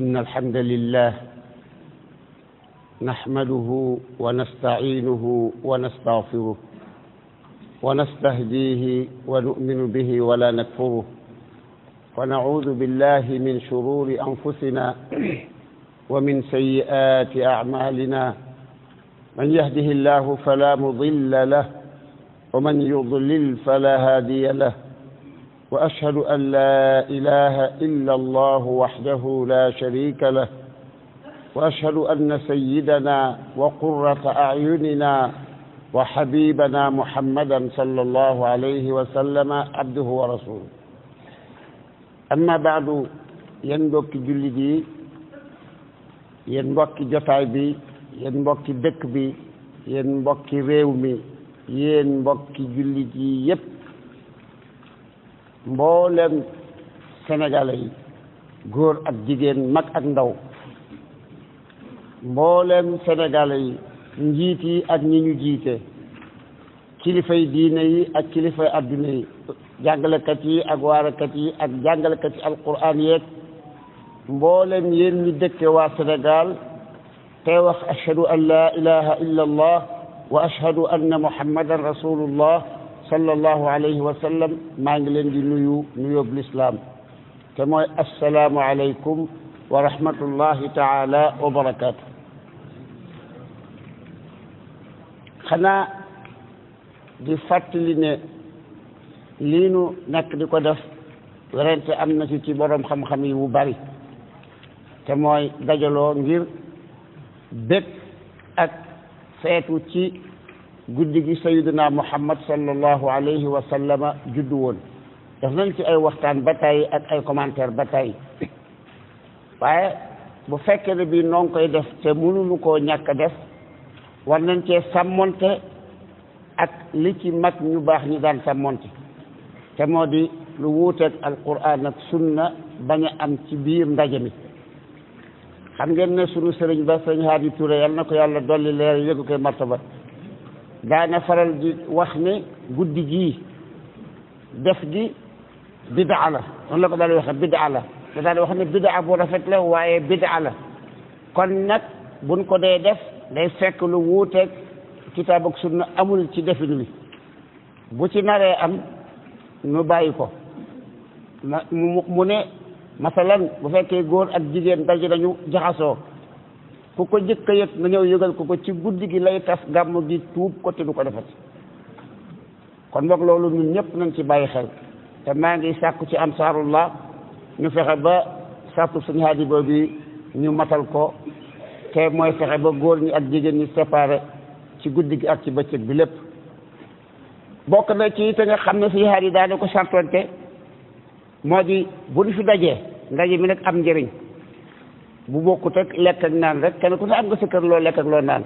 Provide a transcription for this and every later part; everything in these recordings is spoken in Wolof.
إن الحمد لله نحمده ونستعينه ونستغفره ونستهديه ونؤمن به ولا نكفره ونعوذ بالله من شرور أنفسنا ومن سيئات أعمالنا من يهده الله فلا مضل له ومن يضلل فلا هادي له واشهد ان لا اله الا الله وحده لا شريك له واشهد ان سيدنا وقره اعيننا وحبيبنا محمدا صلى الله عليه وسلم عبده ورسوله اما بعد yéen جلدي jullit yi بي mbokki jotaay bi yéen mbokki dëkk bi mboolem sénégalais yi ak jigéen mag ak ndaw mboolem sénégalais yi njiit yi ak ñi ñu jiite kilifay diine ak kilifay adduna yi jàngalekat yi ak waarakat yi ak jàngalekat yi alquran yeeg mboolem yéen ñi waa Sénégal te wax an la ilaha illa allah wa ashhadu anna muhammadan rasulullah صلى الله عليه وسلم مانغ لين دي نويو نويو بالاسلام تموي السلام عليكم ورحمه الله تعالى وبركاته خنا دي فاتلي ني لينو نك ديكو داف ورنت امنا سي تي بوروم خم خمي و باري تموي داجالو غير بيت اك فيتو تي guddi gi sayidina muhammad sallallahu alayhi wa sallama juddu woon def nañ ci ay waxtaan ba tey ak ay commentaire ba tey waaye bu fekkee ne bii noo koy def te mënuñu koo ñàkk def war nañ cee sàmmonte ak li ci mag ñu baax ñi daan sàmmonte te moo di lu wuuteeg alquran ak sunna ba a am ci biir ndaje mi xam ngeen ne sunu sëriñ ba sëriñ Hadi Touré yal ko yàlla dolli leer yëgu koy martaba daana faral di wax ne guddi gii def gi bidaa la noonu la ko daal di waxee la da daal di wax ne bidaa bu rafet la waaye bidaa la kon nag buñ ko dee def day fekk lu wuuteeg kitaab ak sunna amul ci defin wi bu ci naree am nu bàyyi ko ma mu ne masalan bu fekkee góor ak jigéen daje dañu jaxasoo ku ko jëkk a ñëw yëgal ko ko ci guddi gi lay tas gàmm gi tuub ko te du ko defati kon boog loolu ñun ñëpp nañ ci bàyyi xel te maa ngi sàkku ci am ansaarullah ñu fexe ba sàkku suñu haaji boobu ñu matal ko te mooy fexe ba góor ñi ak jigéen ñi separe ci guddi gi ak ci bëccëg bi lépp bokk na ci te nga xam ne suñu haaji daane ko sartoonte moo di buñ fi dajee ndaje mi nag am njëriñ bu bokkut ak lekk naan rek kenn ku ne am nga sa loo lekk loo naan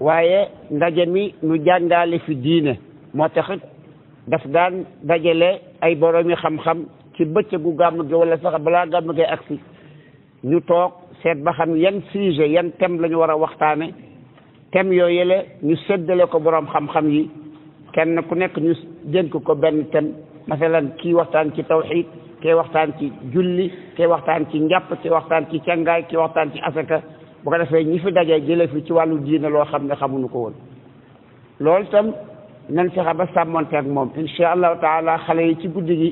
waaye ndaje mi nu jàngaale fi diine moo taxit daf daan dajale ay boroomi xam-xam ci bëccëgu gàmm gi wala sax balaa gàmm gi agsi ñu toog seet ba xam yan sujet yan thème lañu war a waxtaane thème yooyu yële ñu seddale ko boroom xam-xam yi kenn ku nekk ñu dénk ko benn thème masalan ki waxtaan ci tawxiid kee waxtaan ci julli kee waxtaan ci njàpp kee waxtaan ci cangaay kee waxtaan ci asaka bu ko defee ñi fi dajee jële fi ci wàllu diine loo xam ne xamuñu ko woon lool itam nañ fexe ba sàmmonte ak moom incha allahu taala xale yi ci guddi gi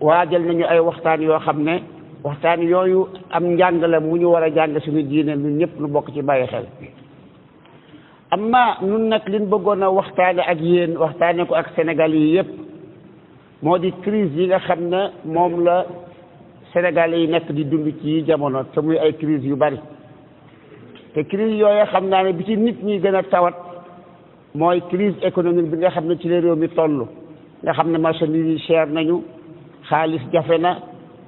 waajal nañu ay waxtaan yoo xam ne waxtaan yooyu am njàng la mu ñu war a jàng suñu diine ñun ñëpp nu bokk ci bàyyi xel amma nun nag liñ bëggoon a waxtaane ak yéen waxtaane ko ak Sénégal yi yëpp moo di crise yi nga xam ne moom la Sénégalais yi nekk di dund ci jamono te muy ay crise yu bari te crise yooyu xam naa ne bi ci nit ñi gën a tawat mooy crise économique bi nga xam ne ci la réew mi toll nga xam ne marchandise yi cher nañu xaalis jafe na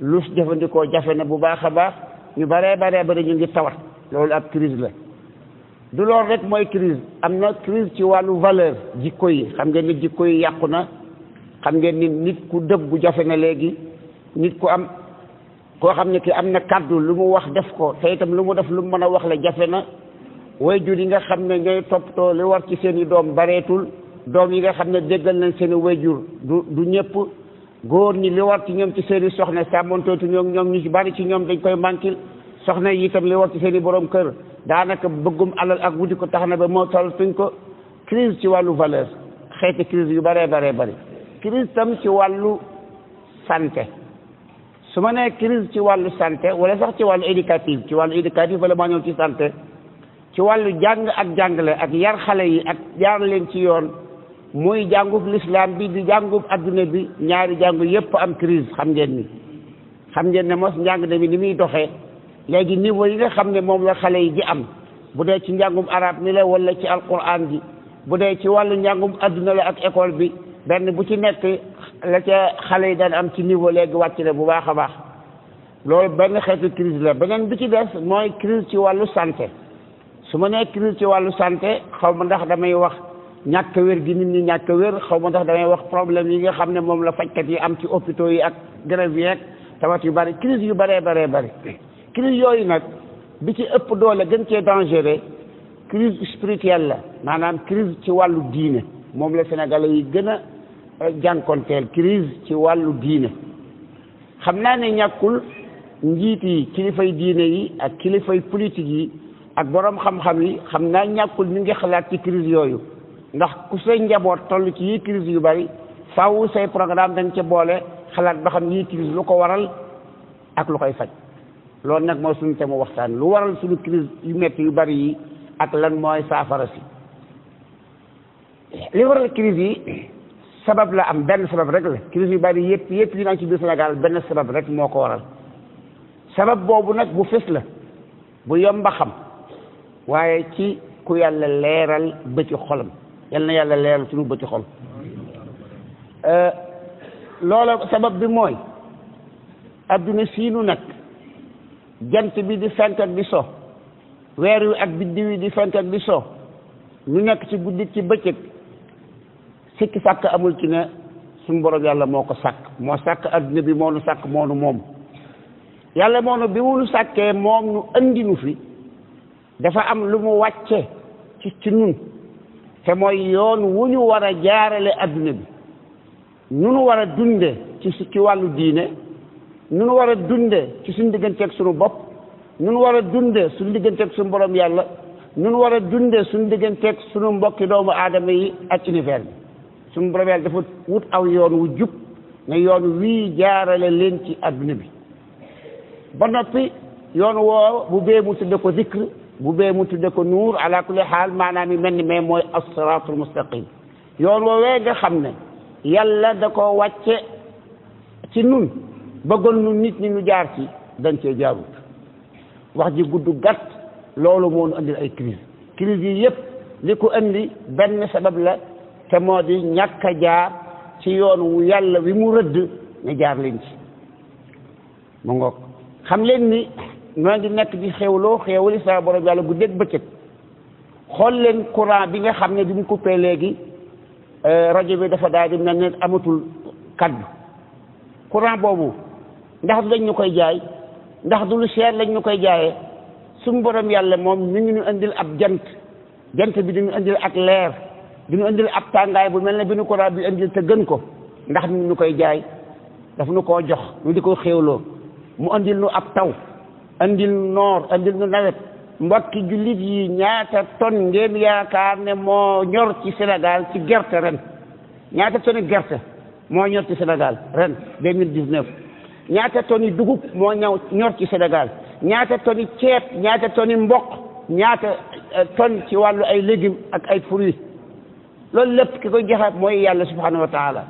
lus jëfandikoo jafe na bu baax a baax ñu baree baree bari ñu ngi tawat loolu ab crise la du loolu rek mooy crise am na crise ci wàllu valeur jikko yi xam nga nit jikko yi yàqu na xam ngeen ni nit ku dëggu jafe na léegi nit ku am koo xam ne ki am na kàddu lu mu wax def ko te itam lu mu def lu mu mën a wax la jafe na way jur yi nga xam ne ñooy toppatoo li war ci seen i doom bareetul doom yi nga xam ne déggal nañ seen i way jur du du ñëpp góor ñi li war ci ñoom ci seen i soxna sàmmantootu ñoom ñoom ñu ci bari ci ñoom dañ koy manquil soxna yi itam li war ci seen i borom kër daanaka bëggum alal ak wuti ko tax na ba moo tollatuñ ko crise ci wàllu valeur xeeti crise yu baree baree bari crise tam ci wàllu santé su ma nee crise ci wàllu santé wala sax ci wàllu éducative ci wàllu éducative wala maa ñëw ci santé ci wàllu jàng ak jàngale ak yar xale yi ak jaar leen ci yoon muy jàngub lislaam bi di jàngum adduna bi ñaari jàngu yépp am crise xam ngeen ni xam ngeen ne mos njàng de mi ni muy doxee léegi niveau yi nga xam ne moom la xale yi ji am bu dee ci njàngum arab mi la wala ci alquran bi bu dee ci wàllu njàngum adduna la ak école bi benn bu ci nekk la ca xale yi daan am ci niveau léegi wàcc na bu baax a baax loolu benn xeetu crise la beneen bi ci des mooy crise ci wàllu santé su ma nee crise ci wàllu santé xaw ma ndax damay wax ñàkk wér gi nit ñi ñàkk wér xaw ma ndax damay wax problème yi nga xam ne moom la fajkat yi am ci hôpitaux yi ak grève yi ak tawat yu bari crise yu baree baree bari crise yooyu nag bi ci ëpp doole gën cee dangereux crise spirituelle la maanaam crise ci wàllu diine moom la Sénégalais yi gën a jànkonteel crise ci wàllu diine xam naa ne ñàkkul njiit yi kilifay diine yi ak kilifay politique yi ak boroom xam-xam yi xam naa ñàkkul ñu ngi xalaat ci crise yooyu ndax ku say njaboot toll ci yi crise yu bari faaw say programme dañ ca boole xalaat ba xam yi crise lu ko waral ak lu koy faj loolu nag mooy suñu te mu waxtaan lu waral suñu crise yu metti yu bari yi ak lan mooy saafara si li waral crise yi sabab la am benn sabab rek la crise yu bari yëpp yëpp yi naan ci biir Sénégal benn sabab rek moo ko waral sabab boobu nag bu fës la bu yomba xam waaye ci ku yàlla leeral bëti xolam yal na yàlla leeral suñu bëti xol euh, loola sabab bi mooy adduna siinu nag jant bi di fenk ak di so weer wi ak biddiw yi di fenk ak di so ñu nekk ci guddi ci bëccëg sikki sàkk amul ci ne suñu borom yàlla moo ko sàkk moo sàkk adduna bi moo nu sàkk moo nu moom yàlla moo nu bi mu nu sàkkee moom nu andi nu fi dafa am lu mu wàcce ci ci te mooy yoon wu ñu war a jaarale adduna bi nu nu war a dunde ci ci wàllu diine nu war a dunde ci suñu digganteeg suñu bopp nu nu war a dunde suñu digganteeg suñu borom yàlla nu nu war a dunde suñu digganteeg suñu mbokki doomu aadama yi ak univers suñu borom yàlla dafa wut aw yoon wu jub yoon wii jaarale leen ci adduna ba noppi yoon woo bu bee mu tudde ko zikr bu bee muti tudde ko nuur ala kulli xaal maanaam yi mel ni mais mooy asiraatul mustaqim yoon woowee nga xam ne yàlla da ko wàcce ci nun bëggoon nu nit ñi ñu jaar ci dañ cee jaarut wax ji gudd gàtt loolu moo nu andil ay crise crise yi li ko andi benn sabab la te moo di ñàkk a jaar ci yoon wu yàlla wi mu rëdd ne jaar leen ci mu ngoog xam leen ni noo ngi nekk di xewloo xewli saa borom yàlla guddeeg bëccëg xool leen courant bi nga xam ne bi mu coupé léegi euh, rajo bi dafa daal di ne amatul kaddu courant boobu ndax du lañ koy jaay ndax du lu cher lañ ñu koy jaaye suñu borom yàlla moom mi ngi ñu indil ab jant jant bi di ñu indil ak leer du ñu indil ab tàngaay bu mel ne bi ñu ko rabbi indil te gën ko ndax ñu koy jaay daf nu koo jox ñu di ko xéewloo mu indil nu ab taw indil noor indil nu nawet mbokki jullit yi ñaata ton ngeen yaakaar ne moo ñor ci Sénégal ci gerte ren ñaata toni gerte moo ñor ci Sénégal ren 2019 ñaata toni dugub moo ñaw ñor ci Sénégal ñaata toni ceeb ñaata toni mboq ñaata euh, ton ci wàllu ay légumes ak ay fruits loolu lépp ki ko joxaat mooy yàlla subhanahu wa taala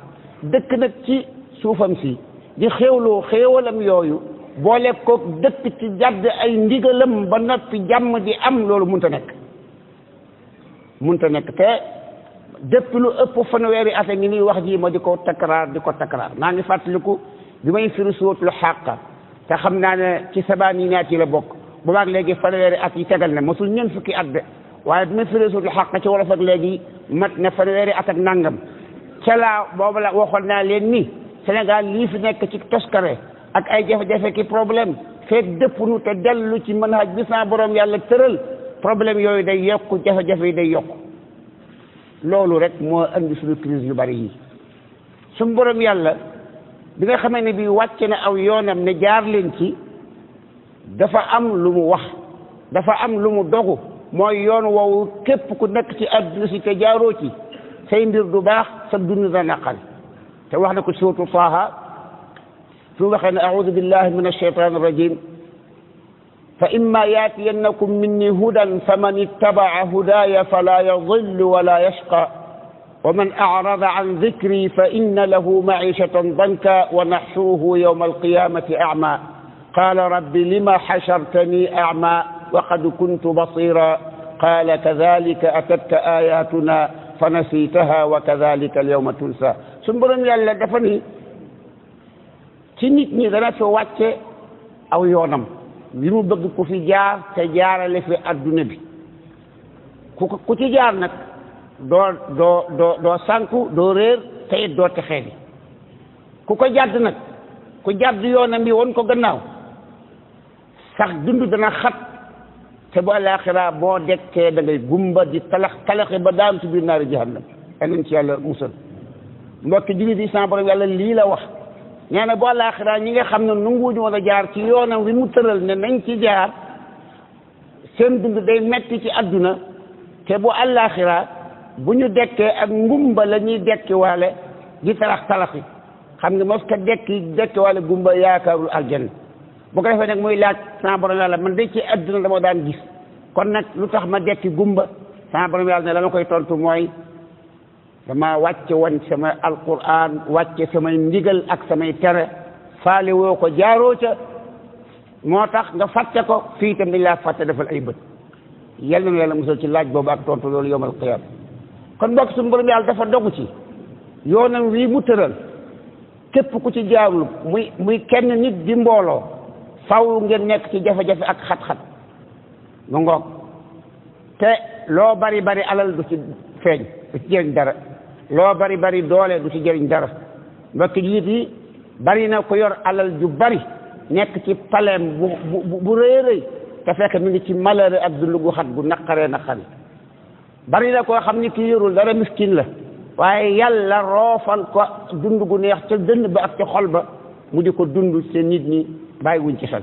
dëkk nag ci suufam si di xéewloo xéewalam yooyu boole kook dëkk ci jàdd ay ndigalam ba noppi jàmm di am loolu munta nekk munta nekk te dëpp lu ëpp fanweeri at ngi nii wax jii ma di ko takkaraar di ko takkaraar maa ngi fàttaliku bi may firi suuratul Haaqqa te xam naa ne ci sabaaniinaat yi la bokk bu maag léegi fanweeri at yi tegal na mosul ñeent fukki at de waaye bi may firi suuratul Haaqqa ci wolof ak léegi mat na fanweeri at ak nangam ca laa la waxoon naa leen ni Sénégal lii fi nekk ci toskare ak ay jafe-jafe ki problème feeg dëpp nu te dellu ci mën xaj bi sa borom yàlla tëral problème yooyu day yokku jafe-jafe yi day yokku loolu rek moo andi suñu yu bari yi suñu borom yàlla bi nga xamee ne bii wàcce ne aw yoonam ne jaar leen ci dafa am lu mu wax dafa am lu mu dogu mooy yoon woowu képp ku nekk ci àdduna si te jaaroo ci say mbir du baax sa dund na naqari te wax na ko suratu taaha fi mu waxee ne audu billahi min alcheytan arrajim fa imma yaatiyannakum minni hudan faman ittabaa hudaya fala yadillu wala yashqa ومن أعرض عن ذكري فإن له معيشة ضنكا ونحشره يوم القيامة أعمى قال رب لما حشرتني أعمى وقد كنت بصيرا قال كذلك أتتك آياتنا فنسيتها وكذلك اليوم تنسى سنبرم يالا دفني تنيت نيغنا سو أو يونم ويمو بغي كفي جار تجار لفي أدن بي كفي جار نك دو, دو, دو, سانكو دو رير تيد دو تخيلي كوكو جاد نك كو جاد يونم يون كو جناو سخ دندو دنا خط te bu alaxira boo dekkee da ngay gumba di talax talaxe ba daanu ci biir naari jahannam anañ ci yàlla musal mbokki jullit yi sama borom yàlla lii la wax nee na bu alaxira ñi nga xam ne nanguwuñu woon a jaar ci yoonam wi mu tëral ne nañ ci jaar seen dund day metti ci adduna te bu alaxira bu ñu dekkee ak ngumba la ñuy dekki waale di talax talaxi xam nga mos ka dekki dekki waale gumba yaakaarul aljanna bu ko defee nag muy laaj sama borom yàlla man de ci adduna dama daan gis kon nag lu tax ma dekki gumba sama borom yàlla ne la koy tontu mooy dama wàcce woon sama alquran wàcce samay ndigal ak samay tere faale woo ko jaaroo ca moo tax nga fàtte ko fii tam dañ laa fàtte defal ay bët yal na yàlla musal ci laaj boobu ak tontu loolu yowmal qiyaam kon mbokk suñu borom yàlla dafa dogu ci yoonam wii mu tëral képp ku ci jaarul muy muy kenn nit di mbooloo faw ngeen nekk ci jafe-jafe ak xat-xat nga ngoog te loo bari bari alal du ci feeñ du ci jëriñ dara loo bari bari doole du ci jariñ dara mbokki jiit yi bari na ko yor alal ju bari nekk ci paleem bu bu bu rëy te fekk mi ngi ci malheureux ak dund gu xat gu naqaree naqari bari na koo xam ni kii yorul dara miskin la waaye yàlla roofal ko dund gu neex ca dënn ba ak ca xol ba mu di ko dund seen nit ñi bàyyi wuñ ci xel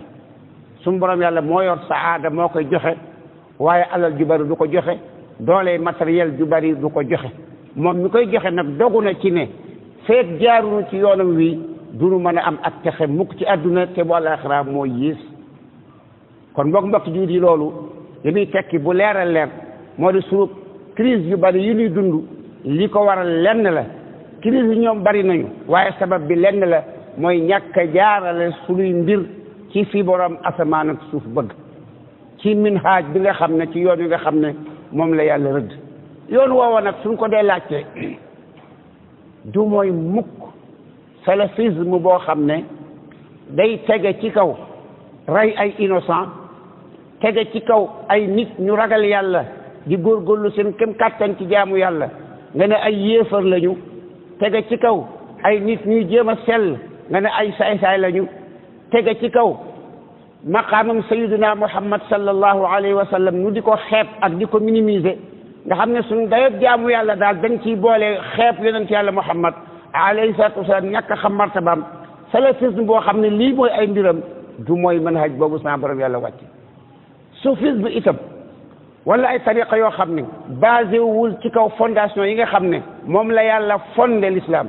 suñu borom yàlla moo yor saada moo koy joxe waaye alal ju bari du ko joxe doole matériel ju bari du ko joxe moom mi koy joxe nag dogu na ci ne feet jaarunu ci yoonam wi duñu mën a am ak texe mukk ci àdduna te bu àllaaxira moo yiis kon mbokk mbokk juut yi loolu li muy tekki bu leeral leer moo di sunu crise yu bari yi ñuy dund li ko waral lenn la crise yi ñoom bari nañu waaye sabab bi lenn la mooy ñàkk a jaarale suñuy mbir ci fi borom asamaan ak suuf bëgg ci minhaaj bi nga xam ne ci yoon wi nga xam ne moom la yàlla rëdd yoon woowa nag suñ ko dee laajte du mooy mukk salafisme boo xam ne day tege ci kaw rey ay innocent tege ci kaw ay nit ñu ragal yàlla di góor góorgóorlu seen kem kàttan ci jaamu yàlla nga ne ay yéefar lañu tege ci kaw ay nit ñuy jéem a sell nga ne ay saay-saay lañu tege ci kaw maqaamam sayyidina muhammad sallallahu alayhi wa sallam nu diko ko ak diko minimiser nga xamne ne suñ dayoo jaamu yàlla dal dañ ciy boole xeeb yonent yàlla muhammad alayhi salatu wasalaam ñak xam martabam salafism bo xamne li moy ay mbiram du moy manhaj bobu sa borom yàlla wàcc sufism itam wala ay tariqa yo xamne basé wul ci kaw fondation yi nga xamne mom la yàlla fondé l'islam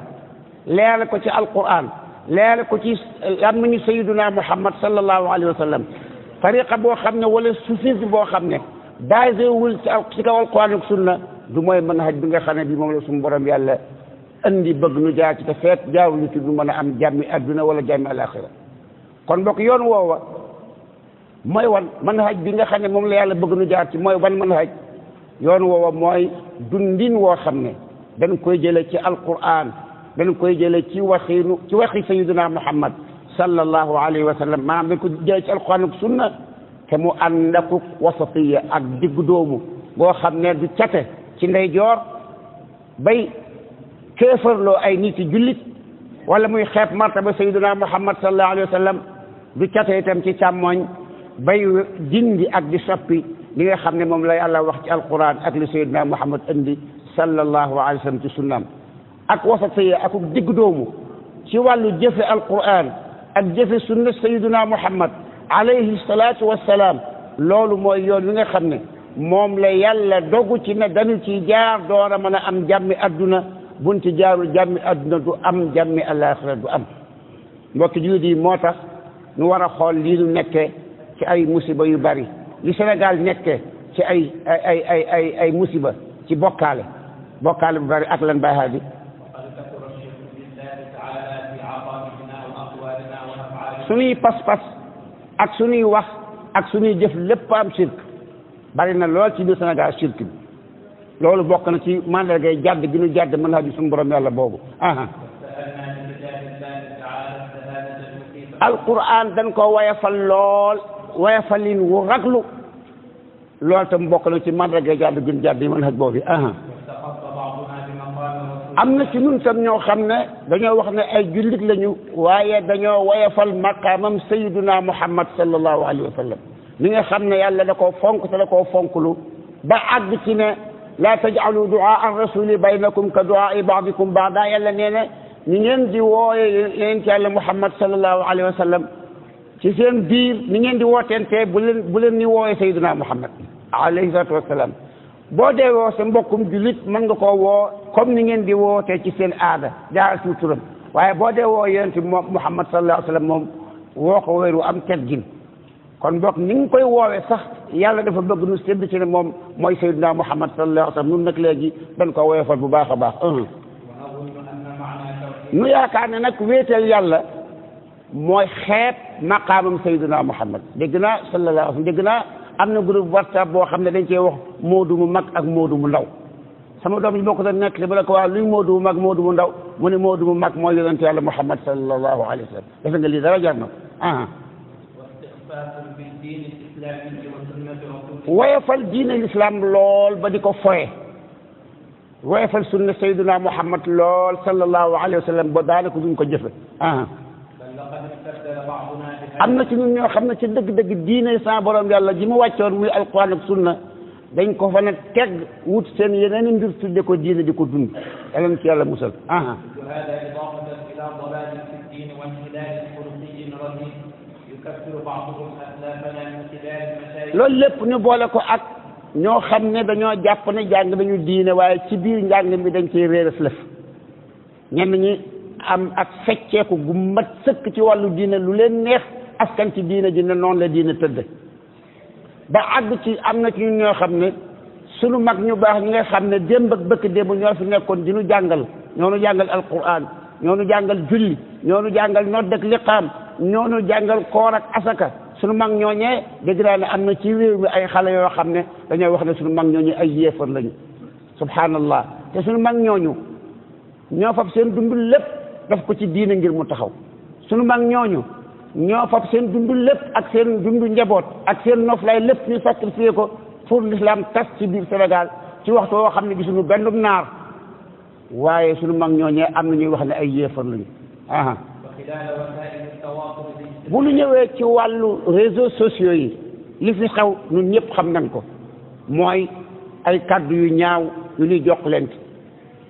leral ko ci alquran leer ko ci làmmiñu sayyiduna muhammad sallallahu alayhi wa sallam tariqa boo xam ne wala soufisme boo xam ne wul ci kaw alquran ak sunna du mooy manhaj bi nga xam ne bi moom la suñu borom yàlla andi bëgg nu jaar ci te feet jaaw ñu ci du mën a am jàmmi adduna wala jàmmi alaxira kon bokk yoon woowa mooy wan manhaj bi nga xam ne moom la yàlla bëgg nu jaar ci mooy wan manhaj yoon woowa mooy dundin woo xam ne dañ koy jële ci alquran dañ koy jëlee ci waxiinu ci waxi sayiduna muhammad sallallahu alayhi wa sallam maanaam dañ ko jëlee ci alquran ak sunna te mu ànd ak wasatiya ak diggu doomu boo xam ne du cate ci ndeyjoor bay kéefarloo ay nit ci jullit wala muy xeeb martaba sayiduna muhammad sallallahu alayhi wa sallam du cate itam ci càmmooñ bay dindi ak di soppi li nga xam ne moom la yàlla wax ci alquran ak li sayiduna muhammad indi sallallahu alayhi wa sallam ci sunnaam ak fi ak dig doomu ci walu jëfe alquran ak jëfe sunna sayiduna muhammad alayhi salatu wassalam loolu mooy yoon wi nga xam ne moom la yàlla dogu ci ne dañu ci jaar door a mën a am jàmmi adduna buñ ci jaarul jàmmi adduna du am jàmmi alaxira du am mbokk julit di moo tax ñu war a xool lii ñu nekkee ci ay musiba yu bari li Sénégal nekkee ci ay ay ay ay ay musiba ci bokkaale bokkaale bu bari ak lan bay bi sunuy pas-pas ak suñuy wax ak suñuy jëf lépp am sirk bari na lool ci biir Sénégal sirk bi loolu bokk na ci mandargay jàdd gi ñu jàdd mën naa ji suñu boobu aha alquran dañ ko wayafal lool wayafalin wu raglu loolu tam bokk na ci mandargay jàdd gi ñu jàdd yi mën boobu aha amna ci nun tam ñoo xamne dañoo wax ne ay jullit lañu waaye dañoo woyafal maqamam sayyiduna muhammad sallallahu alayhi wa sallam li nga xamne yàlla da ko fonk te da ko fonklu ba ag ci ne la taj'alu du'a ar rasul baynakum ka du'a ba'dikum ba'da yàlla nee ñi ngeen di woyé yeneen ci yàlla muhammad sallallahu alayhi wa sallam ci seen biir ñi ngeen di wotenté bu leen bu leen ni woyé sayyiduna muhammad alayhi salatu wasalaam boo dee woo sa mbokkum jullit mën nga koo woo comme ni ngeen di wootee ci seen aada jaaral ci turam waaye boo dee woo yonent moom Muhammad sallallahu alayhi wa sallam moom woo ko wéeru am teggin kon boog ni nga koy woowee sax yàlla dafa bëgg nu sedd ci ne moom mooy Seydina Muhammad sallallahu alayhi wa sallam nun nag léegi dañ ko woyofal bu baax a baax nu yaakaar ne nag wéetal yàlla mooy xeet maqaamam Seydina Muhammad dégg naa sallallahu alayhi wa sallam dégg naa amna groupe whatsapp bo xamne dañ cee wax modou mu mag ak modou mu ndaw sama doom yi bokk da nek nekk li ba la luy modou mu mag modou mu ndaw mu ne modou mu mag mo yonente yàlla muhammad sallallahu alaihi wasallam sallam nga li dara jar na ah woyofal diine l'islam lool ba di ko foye woyofal sunna sayduna muhammad lool sallallahu alayhi wa sallam ba daanaka duñ ko jëfe ah am na ci ñun ñoo xam ne ci dëgg-dëgg diine sa borom yàlla ji mu wàccoon muy alquran ak sunna dañ ko fa ne teg wut seen yeneen i mbir tudde ko diine di ko dund ci yàlla musal aha loolu lépp ñu boole ko ak ñoo xam ne dañoo jàpp ne jàng nañu diine waaye ci biir njàng mi dañ ciy réeres lëf ñenn ñi am ak fecceeku gu mat sëkk ci wàllu diine lu leen neex askan ci diina ji ne noonu la diina tëdd ba àgg ci am na ci ñu ñoo xam ne sunu mag ñu baax ñi nga xam ne démb ak bëkk démb ñoo fi nekkoon dinu jàngal ñoo nu jàngal alquran ñoo nu jàngal julli ñoo nu jàngal nodd ak liqaam ñoo nu jàngal koor ak asaka sunu mag ñooñee dégg naa ne am na ci réew mi ay xale yoo xam ne dañoo wax ne sunu mag ñooñu ay yéefar lañu subhanallah te sunu mag ñooñu ñoo fab seen dund lépp daf ko ci diina ngir mu taxaw sunu mag ñoo fab seen dundu lépp ak seen dundu njaboot ak seen noflaay lépp ñu sacrifié ko pour l'islam tas ci biir Sénégal ci waxtu woo xam ne gisuñu benn naar waaye suñu mag ñoo ñooñee am na ñuy wax ne ay yéefar lañu aha bu lu ñëwee ci wàllu réseaux sociaux yi li fi xew ñun ñëpp xam nañ ko mooy ay kàddu yu ñaaw yu ñuy jokkalante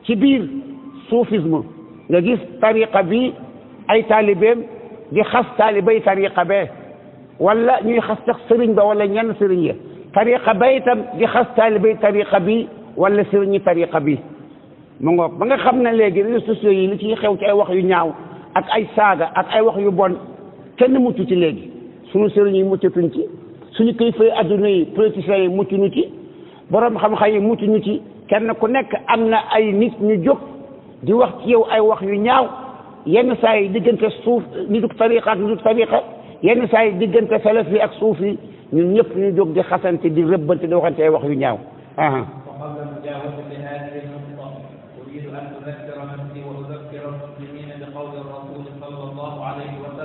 ci biir soufisme nga gis tariqa bi ay taalibeem دي خاص طالبي طريقه به ولا ني خاص تخسرين به ولا ني نسرين طريقه بيت دي خاص طالبي طريقه بي ولا سرني طريقه بي من غو باغا خمنا لغي لي سوسيو يي لي تي خيو تي اي وخ يو نياو اك اي ساغا اك اي وخ يو بون كين موتو تي لغي سونو سرني موتو تونتي سونو كيفاي ادوني بروتيسيان موتو نوتي borom xam xam yi mucc ñu ci kenn ku nekk am na ay nit ñu jóg di wax ci yow ay يا ساي ديك انت الصوف ميدوك طريقة ميدوك طريقة يا ساي ديك انت ثلاث اك صوفي من ñëpp ñu دي di xasante di rëbbante di waxante ay wax yu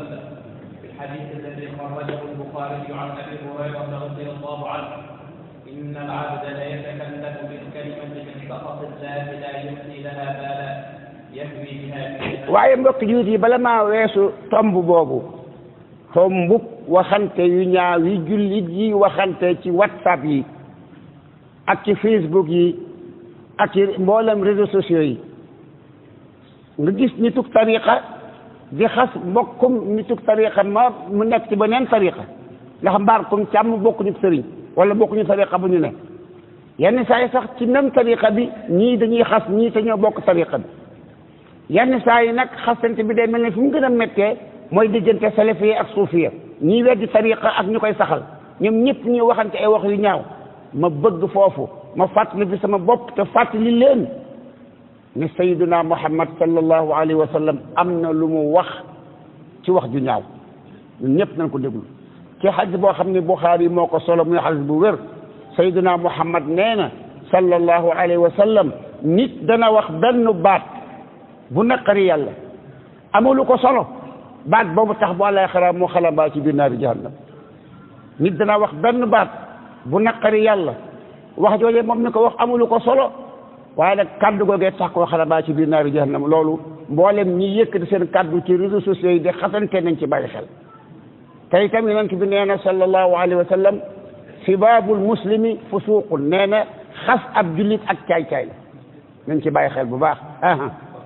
الحديث الذي خرجه البخاري عن ابي هريره رضي الله عنه ان العبد لا يتكلم بالكلمه من سخط الله لا يبقي لها بالا waaye mbokk juut yi bala maa weesu tomb boobu tombub waxante yu ñaaw yi jullit yi waxante ci whatsapp yi ak ci facebook yi ak ci mboolem réseaux sociaux yi nga gis nituk tariqa di xas mbokkum nituk tariqa ma mu nekk ci beneen tariqa ndax mbaar kum càmm bokk ñu sëriñ wala mbokkuñu ñu tariqa bu ñu ne yenn saa yi sax ci même tariqa bi ñii dañuy xas ñii te ñoo bokk tariqa bi yenn saa yi nag xasante bi day mel ne fi mu gën a méttee mooy diggante salafiya ak suufiya ñiy weddi tariqa ak ñu koy saxal ñoom ñëpp ñuy waxante ay wax yu ñaaw ma bëgg foofu ma fàttali fi sama bopp te fàttali leen ne sayiduna muhammad sallallahu alayhi wa sallam am na lu mu wax ci wax ju ñaaw ñun ñëpp nañ ko déglu ci xadis boo xam ne buxaari moo ko solo muy xadis bu wér sayiduna muhammad nee na sallallahu alayhi wa sallam nit dana wax benn baat bu naqari yàlla amulu ko solo baat boobu tax bu àllaaxira moo xalambaa ci biir naari jahannam nit dana wax benn baat bu naqari yàlla wax jooje moom mi ko wax amulu ko solo waaye nag kàddu googee tax koo xalambaa ci biir naari jahannam loolu mboolem ñi yëkkati seen kàddu ci réseaux sociaux yi de xasante nañ ci bàyyi xel te itam yonent bi nee na sallallahu alayhi wa sallam sibaabul muslimi fusuuqun nee na xas ab jullit ak caay-caay la nañ ci bàyyi xel bu baax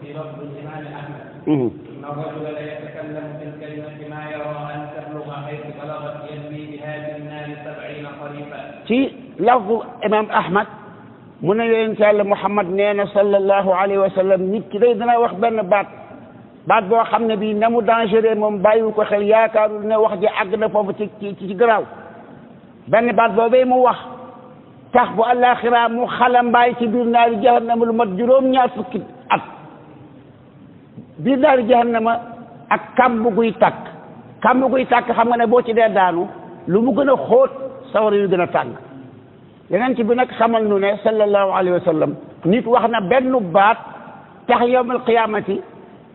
في لفظ الامام احمد ان الرجل لا يتكلم في ما يرى ان تبلغ حيث بلغت يلمي بهذه النار سبعين خريفا في لفظ امام احمد من اللي انت محمد نينا صلى الله عليه وسلم نيك كده دنا واخ بن بعد بعد بو خامنا بي نمو دانجيري موم بايو كو خيل ياكارو ني واخ دي اغنا فوفو تي تي تي غراو بن بعد بو مو واخ تخ بو الاخره مو خلم باي تي بير نار جهنم المد جروم نيا biir daari jahannama ak kàmb guy tàkk kàmb guy tàkk xam nga ne boo ci dee daanu lu mu gën a xóot sawara yu gën a tàng yeneen ci bi nag xamal nu ne sallallahu alayhi wa sallam nit wax na benn baat tax yowmal qiyaamati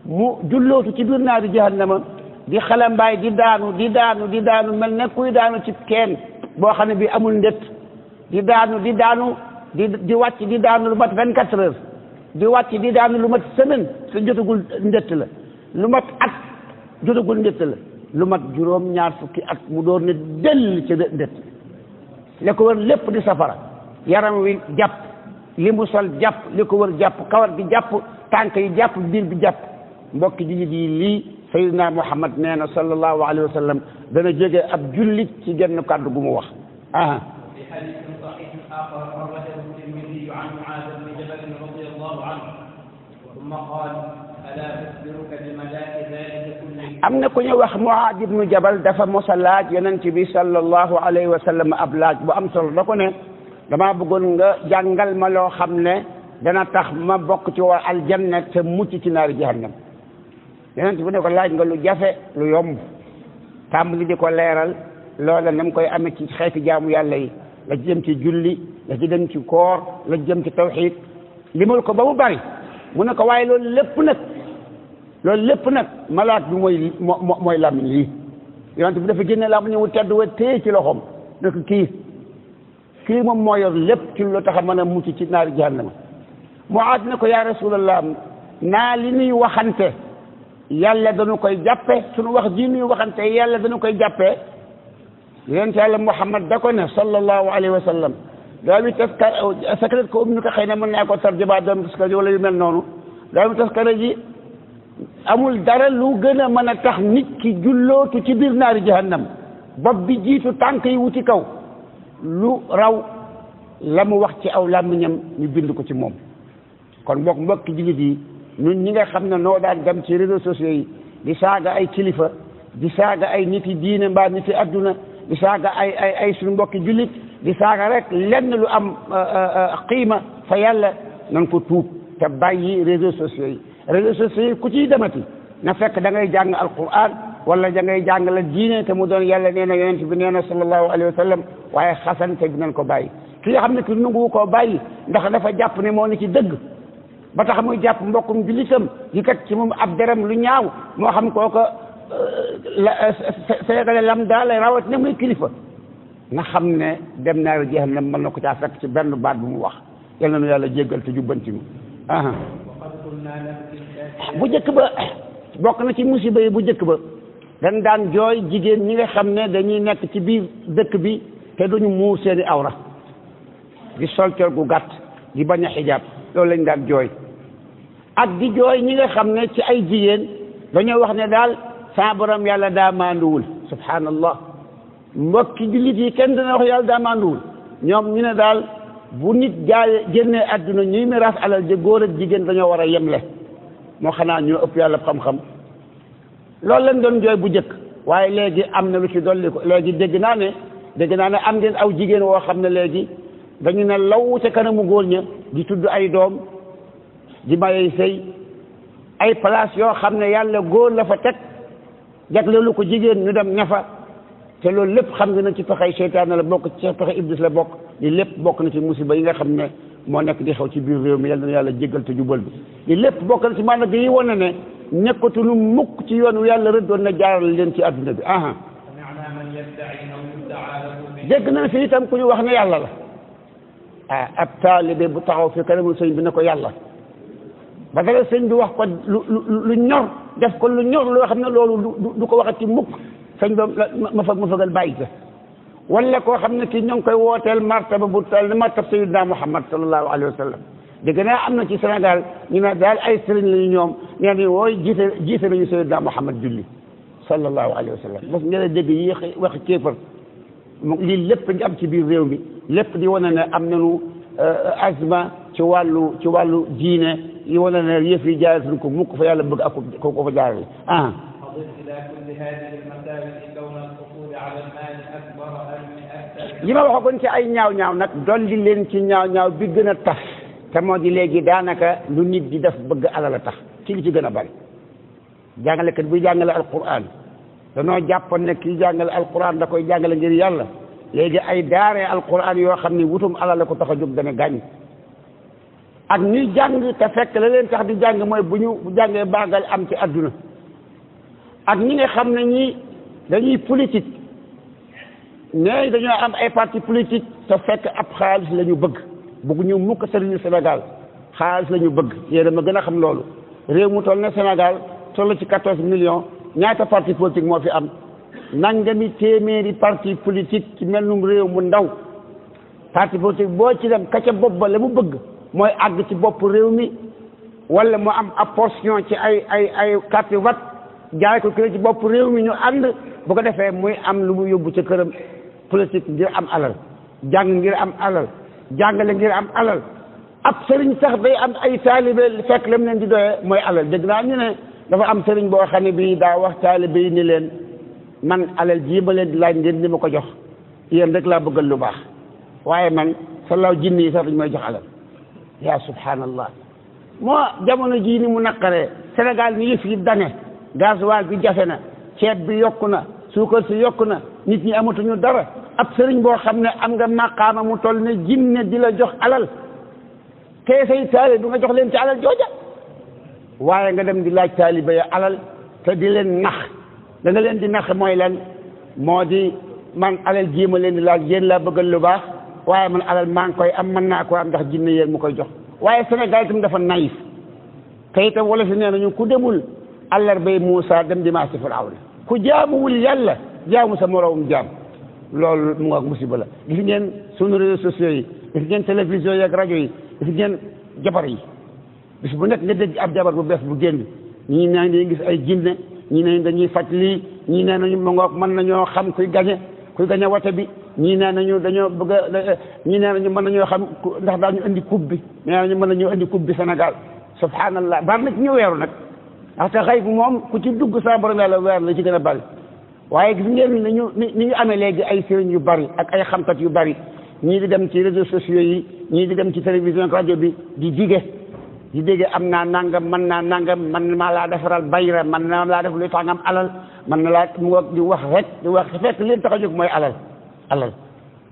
mu jullootu ci biir naari jahannama di xalambaay di daanu di daanu di daanu mel ne kuy daanu ci kenn boo xam ne bi amul ndett di daanu di daanu di di wàcc di daanu lu mat vingt quatre heures di wàcc di daanu lu mat semaine te jotagul ndett la lu mat at jotagul ndet la lu mat juróom ñaar fukki at mu door ne del ci ndet le ko wër lépp di safara yaram wi jàpp limu sal jàpp le ko wër jàpp kawar bi jàpp tànk yi jàpp bir bi jàpp mbokk di di li sayyidina muhammad neena sallallahu alaihi wasallam dana jege ab julit ci genn kàddu gumu wax ah الله عنه ثم قال ألا أخبرك بملاك ذلك كله امنا na واخ معاذ بن جبل دفا Jabal dafa بي صلى الله عليه وسلم ابلاج alayhi wa sallam ab laaj dama bëggoon nga jàngal ma loo xam ne dana tax ma bokk ci wa aljanna te mucc ci naari jahannam yonent bu ne ko laaj nga lu jafe lu yomb tàmbali di ko leeral loola nam koy amee ci xeeti jaamu yàlla yi la jëm ci julli la ci dem ci koor la jëm ci tawxiid limal ko ba mu bari mu ne ko waaye loolu lépp nag loolu lépp nag malaat bi mooy mooy làmmiñ lii yonent bi dafa génne làmmiñ wu tedd wa téye ci loxoom ne ko kii kii moom moo yor lépp ci lu tax a mën a mucc ci naari jahannama Muaad ne ko yaa rasulallah naa li nuy waxante yàlla dañu koy jàppe suñu wax ji nuy waxante yàlla dañu koy jàppee yonent yàlla Muhammad da ko ne sallallahu alayhi wa sallam daa mi tas kar secret ko um ni ko xëy na mën naa ko tarjumaa doon parce que wala yu mel noonu daa amul dara lu gën a mën a tax nit ki jullootu ci biir naari jahannam bopp bi jiitu tànk yi wuti kaw lu raw la mu wax ci aw làmmiñam ñu bind ko ci moom kon mbokk mbokki jullit yi ñun ñi nga xam ne noo daan dem ci réseaux sociaux yi di saaga ay kilifa di saaga ay nit yi diine mbaa nit yi adduna di saaga ay ay ay suñu mbokki jullit بثغرات لن لأم آه، آه، آه، قيمة فيلا ننكو توب تباي ريزو سوسيوي ريزو سوسيوي كتي دمتي نفك دنجي جانج القرآن ولا دنجي جانج الدين تمودون يلا نينا ينتي بنينا صلى الله عليه وسلم وهي خسن تبنى الكباي كي يحمل كل نغو كباي ندخل نفا جاب نموني كي دق بطاق مو جاب مبقم جلسم يكت كمم عبدرم لنياو مو حم كوكا سيغل لمدال روات نمو كلفه na xam ne dem naa la jeexal ne mën na ko caa fekk ci benn baat bu mu wax yal na nu yàlla jéggal te jubbanti nu bu njëkk ba bokk na ci musiba yi bu njëkk ba dañ daan jooy jigéen ñi nga xam ne dañuy nekk ci biir dëkk bi te duñu muur seeni awra di sol col gu gàtt di bañ a xijaab loolu lañ daan jooy ak di jooy ñi nga xam ne ci ay jigéen dañoo wax ne daal saa borom yàlla daa maanduwul subhanallah mbokki jullit kenn dana wax yàlla daa ñoom ñu ne daal bu nit jaay génnee àdduna ñuy miraas alal ja góor jigéen dañoo war a yemle moo xanaa ñu ëpp yàlla xam-xam loolu lañ doon jooy bu njëkk waaye léegi am na lu ci dolli ko léegi dégg naa ne dégg naa ne am ngeen aw jigéen woo xam ne léegi dañu ne law ca kanamu góor ña di tudd ay doom di mayey sëy ay place yoo xam ne yàlla góor la fa teg jagleelu ko jigéen ñu dem ñafa te loolu lépp xam nga ne ci pexey seytaane la bokk ci pexe iblis la bokk li lépp bokk na ci musiba yi nga xam ne moo nekk di xew ci biir réew mi yal na yàlla jégal te jubal bi li lépp bokk na ci maanaam yi wane ne nekkatunu mukk ci yoon wi yàlla rëddoon na jaaral leen ci adduna bi aha dégg na fi itam ku ñu wax ne yàlla la ah ab taalibe bu taxaw fi kanamu sëñ bi ne ko yàlla ba dara sëñ bi wax ko lu lu ñor def ko lu ñor loo xam ne loolu du ko wax waxati mukk sëñ ba ma fa mafagal bàyyi ka wala koo xam ne kii ñoo ngi koy wooteel martaba bu tal ni martab sayidna muhammad sallallahu alayhi wa sallam dëgg naa am na ci Sénégal ñu ne daal ay sëriñ lañu ñoom nee nañu wooy jiite jiite nañu sayidna muhammad julli sallallahu alayhi wa sallam bas ngeen a dégg yi wax kéefar lii lépp di am ci biir réew mi lépp di wane ne am nañu azma ci wàllu ci wàllu diine yi wane ne yëf yi jaaratuñ ko mukk fa yàlla bëgg ak ko ko fa jaarale ah li ma waxagoon ci ay ñaaw-ñaaw nag dolli leen ci ñaaw-ñaaw bi gën a tax te moo di léegi daanaka lu nit di def bëgg alal a tax ci li ci gën a bari jàngalekat buy jàngale alquran danoo jàppoon ne kii jàngale alquran da koy jàngale ngir yàlla léegi ay daaree alquran yoo xam ne wutum alal la ko tax a jóg dana gàññ ak ñuy jàng te fekk la leen tax di jàng mooy bu ñu jàngee baagal am ci adduna ak ñi nga xam ne ñi dañuy politique ne dañoo am ay parti politique te fekk ab xaalis lañu bëgg bëgg ñëw mukk sëriñu Sénégal xaalis lañu bëgg yéen a ma gën a xam loolu réew mu toll na Sénégal toll ci quatorze million ñaata parti politique moo fi am nangami téeméeri parti politique ci melnum réew mu ndaw parti politique boo ci dem ka ca bopp ba mu bëgg mooy àgg ci bopp réew mi wala mu am ab portion ci ay ay ay carte vote jaay ko kilé ci bop rew mi ñu and bu ko défé muy am lu mu yobbu ci kërëm politique ngir am alal jang ngir am alal jangale ngir am alal ab sëriñ sax day am ay talibé fekk lam leen di doyé moy alal deug na ñu né dafa am sëriñ bo xamni bi da wax talibé ni leen man alal ji ma leen di laaj ngeen ni ma ko jox yeen rek la bëggal lu baax waaye man sallaw jinni sax dañ may jox alal ya subhanallah mo jamono ji ni mu naqare eh. sénégal ni yëf yi dané gasoil bi jafe na ceeb bi yokk na suukar si yokk na nit ñi amatuñu dara ab sëriñ boo xam ne am nga maqaama mu toll ne jinne di la jox alal tey say taali du nga jox leen ci alal jooja waaye nga dem di laaj taaliba alal te di leen nax da leen di nax mooy lan moo di man alal jéema leen di laaj yéen laa bëggal lu baax waaye man alal maa ngi koy am mën naa ko am ndax jinne yéen mu koy jox waaye Sénégal itam dafa naïf te itam wala fi nee nañu ku demul الله ربي موسى دم دي ماسي فرعون كو جابو ولي يلا جابو موسى مروم جاب لول مو اك مصيبه لا غيس نين سونو ريزو سوسيو غيس نين تيليفزيون ياك راديو يي غيس نين جبار يي بس بو نك ندج اب جبار بو بس بو ген ني ناندي غيس اي جين ني ناني داني فاتلي ني ناني مو اك من نانيو خام كوي غاني كوي غاني واتي بي ni nana ñu dañu bëgg ñi nana ñu mën nañu xam ndax dañu andi coupe bi ñi nana ñu mën nañu andi coupe bi Sénégal subhanallah ba nak ñu wéru nak ata xey bu mom ku ci dugg sa borom yàlla wer la ci gëna a bari waaye gis ngeen ni ñu ni ñu amé légui ay sëriñ yu bari ak ay xamkat yu bari ñi di dem ci réseaux sociaux yi ñi di dem ci télévision ak radio bi di dige di dégg am naa nangam man naa nangam man ma la defaral bayra man naa la def luy tax nga am alal man la laa mu di wax rek di wax fekk li tax juk moy alal alal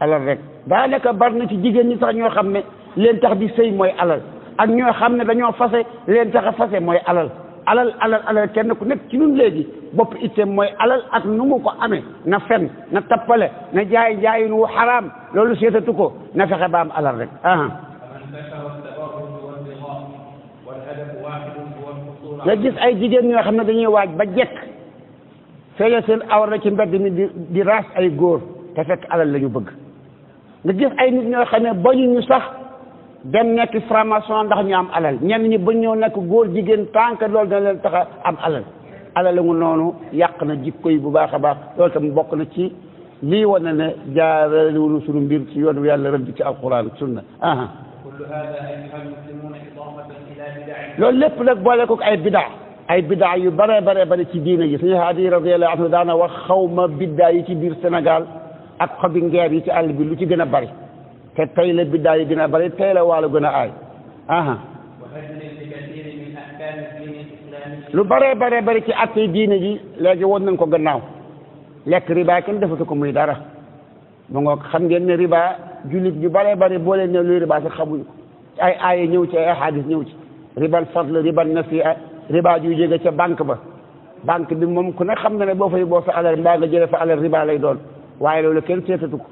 alal rek da naka bar na ci jigéen ñi sax ñoo xamné leen tax di sëy moy alal ak ñoo xamné dañoo fase leen tax a fase mooy alal alal alal alal kenn ku nekk ci ñun léegi bopp itteem mooy alal ak nu mu ko amee na fen na tappale na jaay jaayin wu xaraam loolu seetatu ko na fexe ba am alal rek aha nga gis ay jigéen ñoo xam ne dañuy waaj ba jekk feeñal seen awar la ci mbedd mi di di raas ay góor te fekk alal la bëgg nga gis ay nit ñoo xam ne bañu ñu sax dem nekk franc-maçon ndax ñu am alal ñenn ñi ba ñëw nekk góor jigéen tànk loolu dana leen tax am alal alal la ngu noonu yàq na jikko yi bu baax a baax loolu tam bokk na ci lii wane ne jaarale wunu sunu mbir ci yoon yàlla rëdd ci alquran sunna aha loolu lépp nag boole ko ay bida ay bidaa yu bare bare bare ci diina yi suñu haadi radiyallahu anhu daana wax xaw ma bidaa yi ci biir senegal ak xobi ngeer yi ci àll bi lu ci gën a bari كتيل بداية جنا بري تيل والو جنا آي أها لو بري بري بري كي أتي دين جي لاجي ودن كو جناو لك ربا كن دفتو كم يدارا مونغو خمجن ربا جوليك جو بري بري بولي نيو ربا سخبو أي آي نيو تي أي حادث نيو تي ربا الفضل ربا النسي ربا جو جيجا تي بانك با بانك بي موم كنا خمجن بوفي بوفي على المال جيلا فعلى الربا لي دون وعلى لو كنت يتتوكو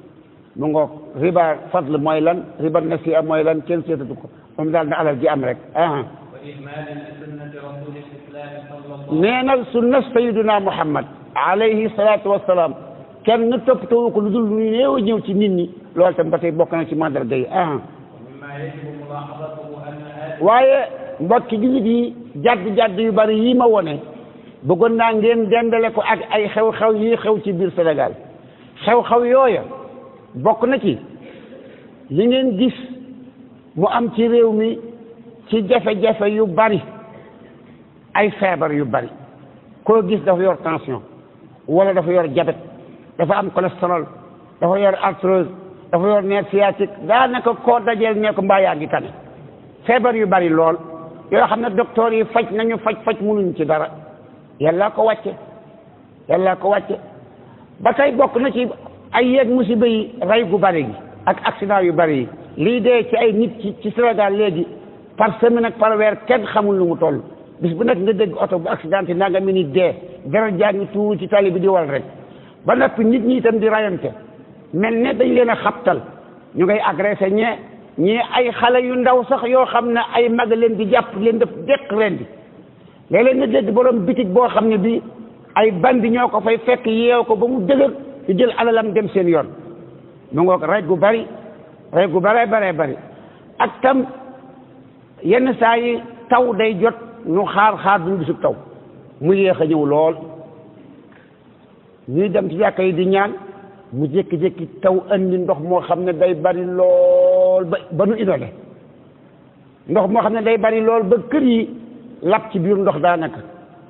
mu ngoog riba fadl mooy lan riba nasiya mooy lan kenn seetatu ko moom daal na alal ji am rek aa ah. nee na sunna sayiduna muhammad alayhi salaatu wasalaam kenn nu toppatoo ko lu dul lu néew ñëw ci nit ñi loolu tam ba tey bokk na ci mandarga yi aa ah. waaye mbokki jullit yi jàdd jàdd yu bari yi ma wone bëggoon naa ngeen dendale ko ak ay xew-xew yi xew ci biir Sénégal xew-xew yooya bokk na ci li ngeen gis mu am ci réew mi ci jafe-jafe yu bari ay feebar yu bari koo gis dafa yor tension wala dafa yor diabète dafa am cholestérol dafa yor arthrose dafa yor nerf sciatique daanaka koo dajeel ne ko mbaa yaa ngi tane feebar yu bari lool yoo xam ne docteur yi faj nañu faj faj munuñ ci dara yàlla ko wàcce yàlla ko wàcce ba tey bokk na ci ay yeeg musiba yi rey gu bari gi ak accident yu bari yi lii dee ci ay nit ci ci Sénégal léegi par semaine ak par weer kenn xamul lu mu toll bis bu nekk nga dégg oto bu accidenté nanga mi nit dee dara jaa ngi tali bi di wal rek ba noppi nit ñi tam di rayante mel ne dañ leen a xabtal ñu ngay agressé ñee ñii ay xale yu ndaw sax yoo xam ne ay mag leen di jàpp leen def dekk leen di léeg nga dégg borom bitig boo xam ne bi ay bandi ñoo ko fay fekk yeew ñu jël alalam dem seen yoon mu ngoog rey gu bari rey gu baree baree bari ak tam yenn saa yi taw day jot ñu xaar xaar duñu gisub taw mu yéex a ñëw lool ñuy dem ci jàkka yi di ñaan mu jékki-jékki taw andi ndox moo xam ne day bari lool ba ba nu inole ndox moo xam ne day bari lool ba kër yi lab ci biir ndox daanaka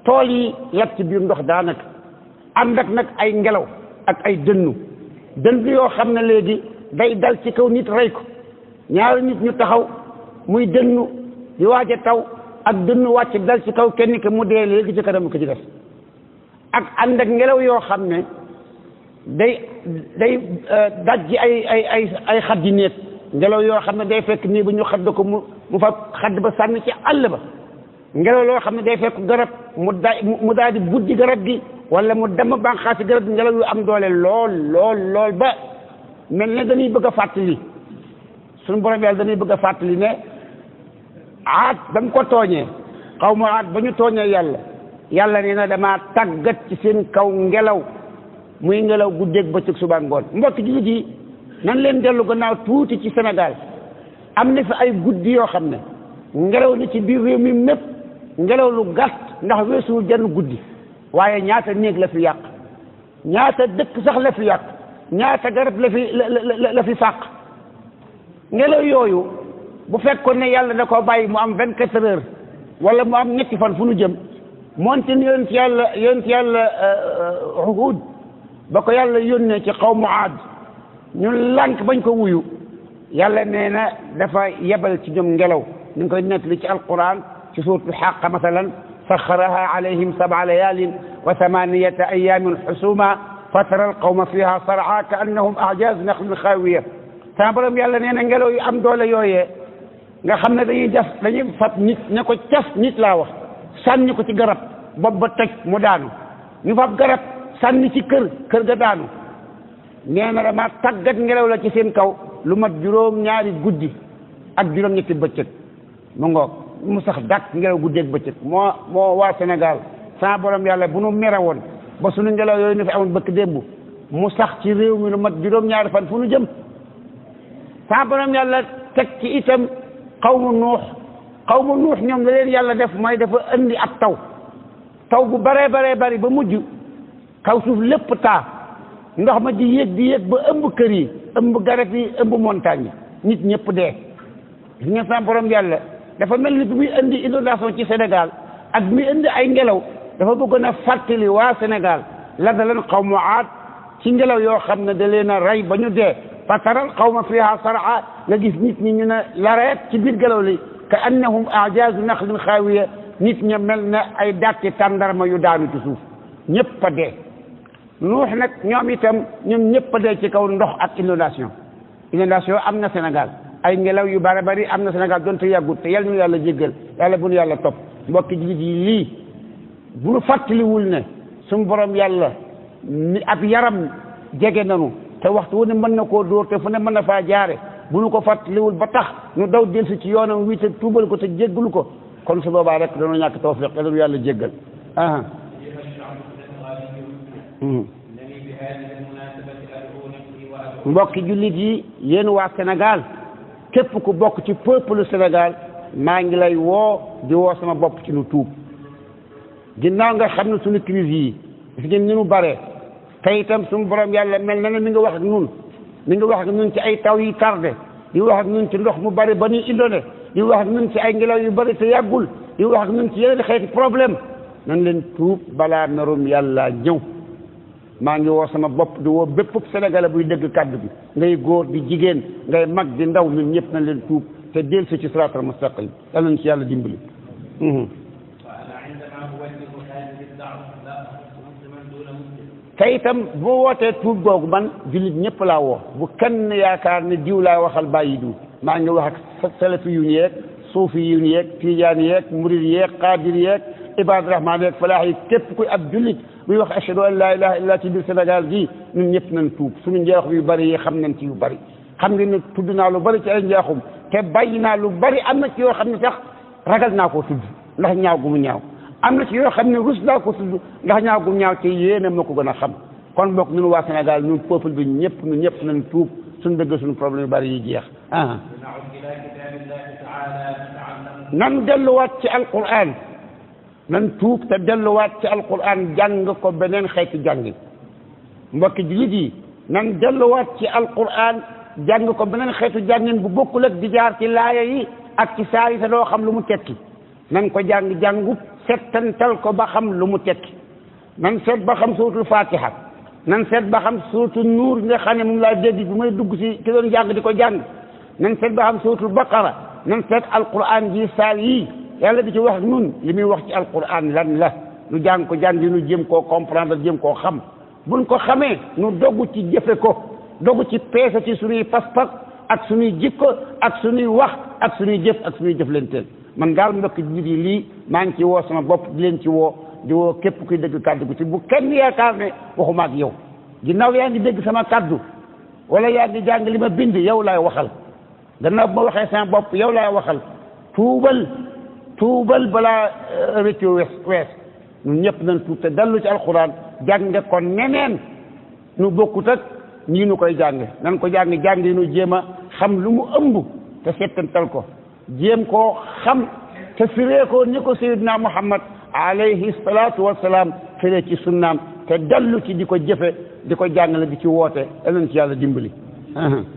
tool yi lab ci biir ndox daanaka ànd ak nag ay ngelaw ak ay dënnu dënnu yoo xam ne léegi day dal ci kaw nit rey ko ñaari nit ñu taxaw muy dënnu di waaj a taw ak dënnu wàcc dal ci kaw kenn ki mu dee léegi ci kanam ko ci des ak ànd ak ngelaw yoo xam ne day day euh, dajji ay ay ay ay xaddi néet ngelaw yoo xam ne day fekk nii ba ñu xadd ko mu mu fa xadd ba sànni ci àll ba ngelaw loo xam ne day fekk garab mu daa mu daal di buddi garab gi wala mu dem bànqaasi garab gi ngelaw yu am doole lool lool lool ba mel ne dañuy bëgg a fàttali suñu borom yàlla dañuy bëgg a fàttali ne aat ba ko tooñee xaw ma aat ba ñu tooñee yàlla yàlla nee na damaa tàggat ci seen kaw ngelaw muy ngelaw guddeeg bëccëg suba ngoon mbokk jullit yi nan leen dellu gannaaw tuuti ci Sénégal am na fi ay guddi yoo xam ne ngelaw li ci biir réew mi mépp ngelaw lu gàtt ndax wessu jenn guddi waye ñaata néeg la fi yàq ñaata dëkk sax la fi yàq ñaata garab la fi la fi saq ngelaw yoyu bu fekkone ne yàlla da ko bàyyi mu am 24 heures wala mu am ñetti fan fu nu jëm moonte ni yonent yàlla yonent yàlla uhud ba ko yàlla yonne ci xaw mu aad ñu lànk bañ ko wuyu yàlla neena dafa yebal ci ñom ngelaw ni nga koy nettali ci alquran في سورة الحاقة مثلا سخرها عليهم سبع ليال وثمانية أيام حسوما فترى القوم فيها صرعا كأنهم أعجاز نخل خاوية تابرم يا لني أنا قالوا أمدوا لي يا نخمن ذي جف ذي فت نت نكو جف نت لاوا سان نكو تجرب ببتك مدانو نفاب جرب سان نتي كر كر رما تجد نقلوا لك سين لما جروم نعري جودي أجروم نتي بتك مغوك mu sax dàq ngelaw guddeeg bëccëg moo moo waa Sénégal sans borom yàlla bu nu merawoon woon ba sunu ngelaw yooyu ne fi amoon bëkk démb mu sax ci réew mi lu mat juróom-ñaari fan fu nu jëm sans yàlla teg ci itam xaw ma nuux xaw ma nuux ñoom leen yàlla def mooy dafa indi ab taw taw bu baree baree bari ba mujj kaw suuf lépp taa ba ëmb kër yi ëmb garab ëmb montagne yi nit ñëpp dee gis borom yàlla dafa mel ni bi muy indi inondation ci Sénégal ak bi muy indi ay ngelaw dafa bëggoon a fàttali waa Sénégal la da leen xaw ma aat ci ngelaw yoo xam ne da leen a rey ba ñu dee fataral xaw ma fiha saraa nga gis nit ñi ñu ne lareet ci biir ngelaw li ka annahum ajazu naxlin xaawiya nit ña mel na ay dàtti tàndarma yu daanu ci suuf ñëpp a dee nuux nag ñoom itam ñoom ñëpp a dee ci kaw ndox ak inondation inondation am na Sénégal ay ngelaw yu bare bari am na Sénégal donte yàggut te yàlla nu yàlla jéggal yàlla bu nu yàlla topp mbokki jullit yi lii nu fàttaliwul ne suñu borom yàlla ni ab yaram jege nanu te waxtu wu mën na koo dóor te mën na faa jaare bu ko fàttaliwul ba tax nu daw delsi ci yoonam wi tuubal ko te jéggalu ko kon yàlla nu yàlla jéggal aha hmm. waa Sénégal képp ku bokk ci peuple Sénégal maa ngi lay woo di woo sama bopp ci nu tuub ginnaaw nga xam ne suñu crise yi gis ngeen ni mu bare te itam suñu borom yàlla mel na ne mi nga wax ak ñun mi nga wax ak ñun ci ay taw yi tardé di wax ak ñun ci ndox mu bare ba ñuy indone di wax ak ñun ci ay ngelaw yu bari te yàggul di wax ak ñun ci yeneen xeeti problème nan leen tuub balaa merum yàlla ñëw maa ngi woo sama bopp di woo bépp sénégalais buy dégg kàddu bi ngay góor di jigéen ngay mag di ndaw ñun ñëpp nañ leen tuub te del si ci siraatal mustaqim yàlla nañ ci yàlla dimbali mhm. te itam bu wootee tuub googu man jullit ñëpp laa woo bu kenn yaakaar ne diw laa waxal bàyyi diw maa ngi wax ak salafi yu yeeg suufi yu yeeg tijaan yeeg qaadir yeeg ibaad rahmaan yeeg falaax yi képp ab jullit buy wax ashhadu an laa ilaha illa ci biir Sénégal gii ñun ñëpp nañ tuub suñu njeexu yu bëri yi xam nañ ti yu bëri xam nga ne naa lu bëri ci ay njeexum te bàyyi naa lu bëri am na ci yoo xam ne sax ragal naa koo ndax ñaaw mu ñaaw am na ci xam na rus naa ko tudd ndax ñaaw gu mu na ko gën a xam kon bokk ñun waa Sénégal ñun peuple bi ñëpp ñun ñëpp nañ tuub suñu dëgg suñu problème yu bëri yi jeex ah. nan delluwaat ci alquran nan tuub te delluwaat ci alquran jàng ko beneen xeeti jàngin mbokki jullit yi nan delluwaat ci alquran jàng ko beneen xeetu jàngin bu bokkul ak di jaar ci laaya yi ak ci saari te doo xam lu mu tekki nan ko jàng jàngub settantal ko ba xam lu mu tekki nan seet ba xam suuratul fatiha nan seet ba xam suuratul nuur nga xam ne moom laa dégg bi may dugg si ki doon jàng di ko jàng nan seet ba xam suuratul baqara nan seet alquran ji saar yii yàlla di ci wax nun li muy wax ci alquran lan la nu jàng ko jàng yi nu jéem koo comprendre jéem koo xam buñ ko xamee nu dogg ci jëfe ko dogg ci peese ci suñuy pas-pas ak suñuy jikko ak suñuy wax ak suñuy jëf ak suñuy jëflanteel man daal mbokk nit yi lii maa ngi ci woo sama bopp di leen ci woo di woo képp kuy dégg kàddu ci bu kenn yaakaar ne waxuma ak yow naw yaa ngi dégg sama kàddu wala yaa ngi jàng li ma bind yow laay waxal gannaaw bu waxee sama bopp yow laay waxal tuubal balaa euh, rëccoo wees wees ñun ñëpp nañ tuub te dallu ci alxuraan jànge ko neneen nu bokkut ak ñii nu koy jànge nan ko jànge jàng yi nu jéem a xam lu mu ëmb te settantal ko jéem koo xam te firee ko ni ko sayidna muhammad alayhi salaatu wasalaam firee ci sunnaam te dallu ci di ko jëfe di ko jàngale di ci woote elen ci yàlla dimbali